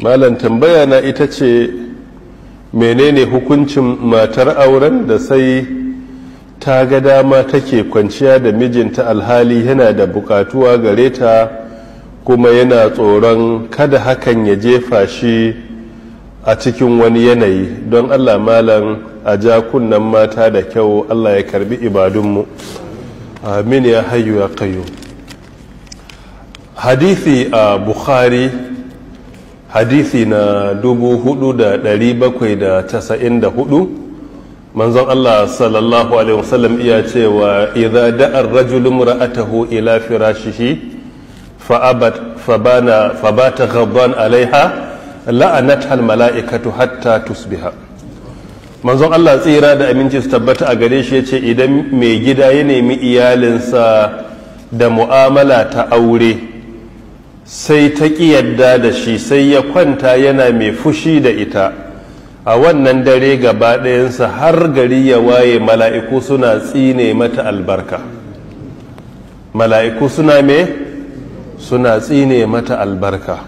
malam tambaya na ita ce menene hukuncin matar auren da sai ta ga dama take kwanciya da mijinta alhali yana da bukatuwa gare ta kuma yana tsoron kada hakan ya jefa shi a cikin wani yanayi don allah malam a ja mata da kyau allah ya karbi ibadunmu amin ya hayu ya kayu hadithi a bukhari hadithi na 4794 manzon Allah sallallahu alaihi wasallam iya cewa idza da'a ar-rajulu imra'atahu ila firashihi fa abat fabana fabata ghadban alaiha la'anatha al-mala'ikatu hatta tusbiha manzon Allah tsira da aminci su tabbata a gare shi yace idan mai gida ya nemi iyalinsa da mu'amala ta aure sai ta ƙi yadda da shi sai ya kwanta yana mai fushi da ita a wannan dare gaba ɗayansa har gari ya waye mala'iku suna tsine mata albarka mala'iku suna me suna tsine mata albarka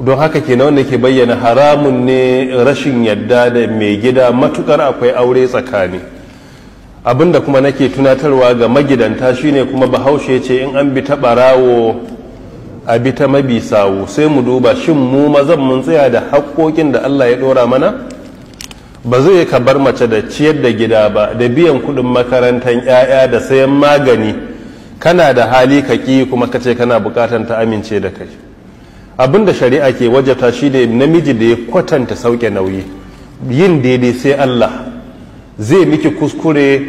don haka ke nauna ke bayyana haramun ne rashin yadda da mai gida matukar akwai aure tsakani abinda kuma nake tunatarwa ga magidanta shine kuma bahaushe ce in an bi ta barawo a bi ta mabi sawu sai mu duba shin mu mazan mun tsaya da haƙƙoƙin da Allah ya ɗora mana ba zai ka bar mace da ciyar da gida ba da biyan kuɗin makarantar 'ya'ya da sayan magani kana da hali ka ƙi kuma ka ce kana buƙatar ta amince da kai abin da shari'a ke wajabta shi ne namiji da ya kwatanta sauke nauyi yin daidai sai Allah zai miki kuskure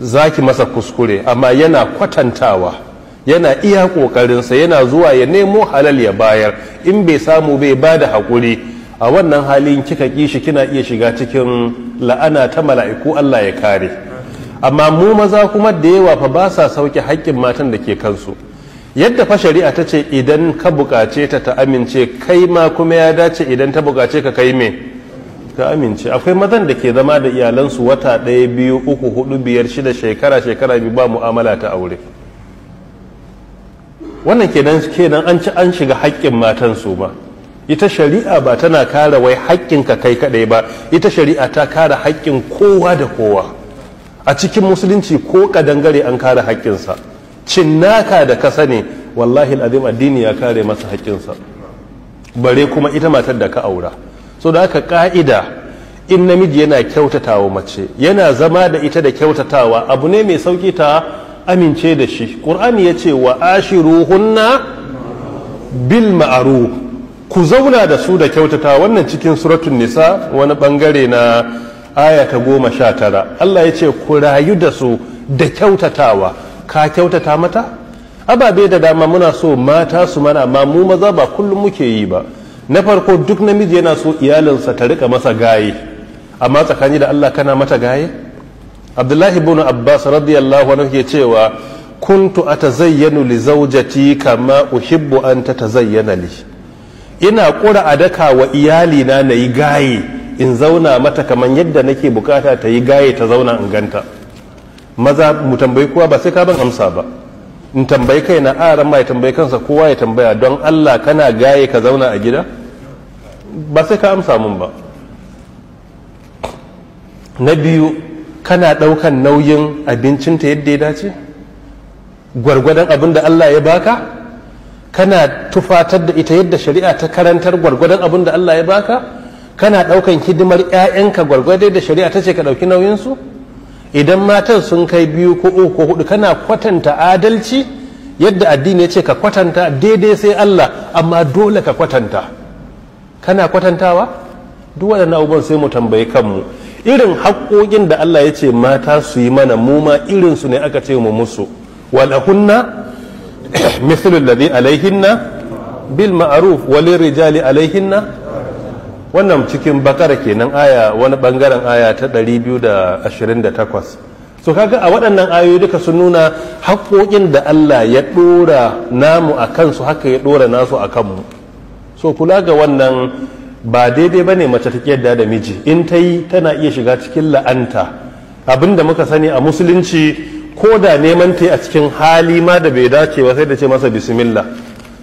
zaki masa kuskure amma yana kwatantawa yana iya ƙoƙarinsa yana zuwa ya nemo halal ya bayar in bai samu bai ba da haƙuri a wannan halin kika kishi kina iya shiga cikin la'ana ta mala'iku Allah ya kare amma mu maza kuma da yawa fa ba sa sauke haƙƙin matan da ke kansu yadda fa shari'a ta ce idan ka buƙace ta ta amince kai ma kuma ya dace idan ta buƙace ka kai me ka amince akwai mazan da ke zama da iyalansu wata ɗaya biyu uku hudu biyar shida shekara shekara biyu ba mu'amala ta aure wannan kenan kenan an ci an shiga haƙƙin matan su ma ita shari'a ba tana kare wai haƙƙin ka kai kaɗai ba ita shari'a ta kare haƙƙin kowa da kowa a cikin musulunci ko kadangare an kare haƙƙinsa cinnaka da ka sani wallahi al'azim addini ya kare masa haƙƙinsa bare kuma ita matar da ka aura so da aka ka'ida in namiji yana kyautatawa mace yana zama da ita da kyautatawa abu ne mai sauki ta amince da shi ƙur'ani ya ce wa ruhunna bil ma'aru ku zauna da su da kyautata wannan cikin suratun nisa wani bangare na aya ta goma sha tara allah ya ce ku rayu da su da kyautatawa ka kyautata mata ababe da dama muna so mata su mana amma mu maza ba kullum muke yi ba na farko duk namiji yana so iyalinsa ta rika masa gaye amma tsakani da allah kana mata gaye abdullahi ibn abbas radiyallahu anhu ke cewa kuntu atazayyanu li zawjati kama uhibbu an tatazayyana li ina kura a daka wa iyali na nayi gaye in zauna mata kaman yadda nake bukata ta yi gaye ta zauna in ganta maza mu tambayi kowa ba sai ka ban amsa ba in tambayi kai na aran ma ya tambayi kansa kowa ya tambaya don Allah kana gaye ka zauna a gida ba sai ka amsa mun ba na biyu kana ɗaukan nauyin abincinta yadda ya dace gwargwadon abin da Allah ya baka kana tufatar da ita yadda shari'a ta karantar gwargwadon abin da Allah ya baka kana ɗaukan hidimar 'ya'yanka gwargwadon da shari'a ta ce ka ɗauki nauyinsu idan matan sun kai biyu ko uku ko hudu kana kwatanta adalci yadda addini ya ce ka kwatanta daidai sai Allah amma dole ka kwatanta kana kwatantawa duk waɗannan abubuwan sai mu tambayi kanmu irin haƙoƙin da Allah ya ce mata su yi mana mu ma irin su ne aka ce mu musu walahunna mithlu alladhi alaihinna bil ma'ruf walin rijali alaihinna wannan cikin bakara kenan aya wani bangaren aya ta 228 so kaga a waɗannan ayoyi duka sun nuna haƙoƙin da Allah ya ɗora namu a kansu haka ya ɗora nasu a kanmu so kula ga wannan ba daidai ba ne mace ta yadda da miji in ta yi tana iya shiga cikin la'anta abinda muka sani a musulunci ko da neman ta a cikin hali ma da bai dace ba sai da ce masa bismillah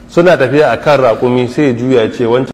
suna tafiya a kan raƙumi sai juya ce wancan